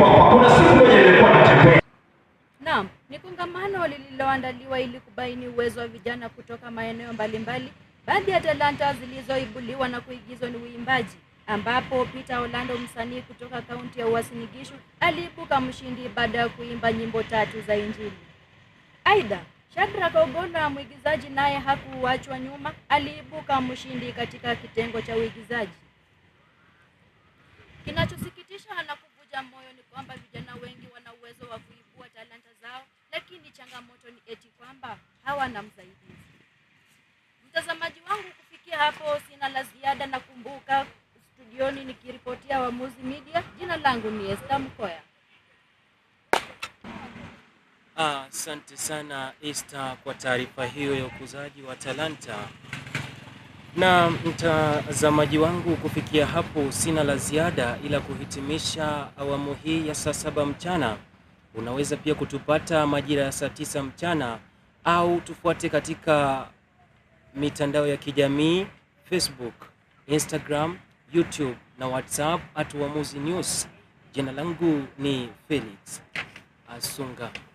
kwamba siku moja nilikuwa natembea. Naam, ni kongamano lililoandaliwa ili kubaini uwezo wa vijana kutoka maeneo mbalimbali. Baadhi ya talanta zilizoibuliwa na kuigizwa ni uimbaji, ambapo Peter Orlando, msanii kutoka kaunti ya Uasin Gishu, aliibuka mshindi baada ya kuimba nyimbo tatu za Injili. Aidha, Shadrack Ogolla mwigizaji naye hakuachwa nyuma, aliibuka mshindi katika kitengo cha uigizaji. Kinachosikitisha na kutia moyo ni kwamba vijana wengi wana uwezo wa kuibua talanta zao, lakini changamoto ni eti kwamba hawana msaidizi. Mtazamaji wangu, kufikia hapo sina la ziada, na kumbuka studioni nikiripotia Wamuzi Media, jina langu ni Esther Mkoya. Ah, asante ah, sana Esther kwa taarifa hiyo ya ukuzaji wa talanta. Na mtazamaji wangu, kufikia hapo sina la ziada, ila kuhitimisha awamu hii ya saa saba mchana. Unaweza pia kutupata majira ya saa tisa mchana au tufuate katika mitandao ya kijamii Facebook, Instagram, YouTube na WhatsApp at Uamuzi News. Jina langu ni Felix Asunga.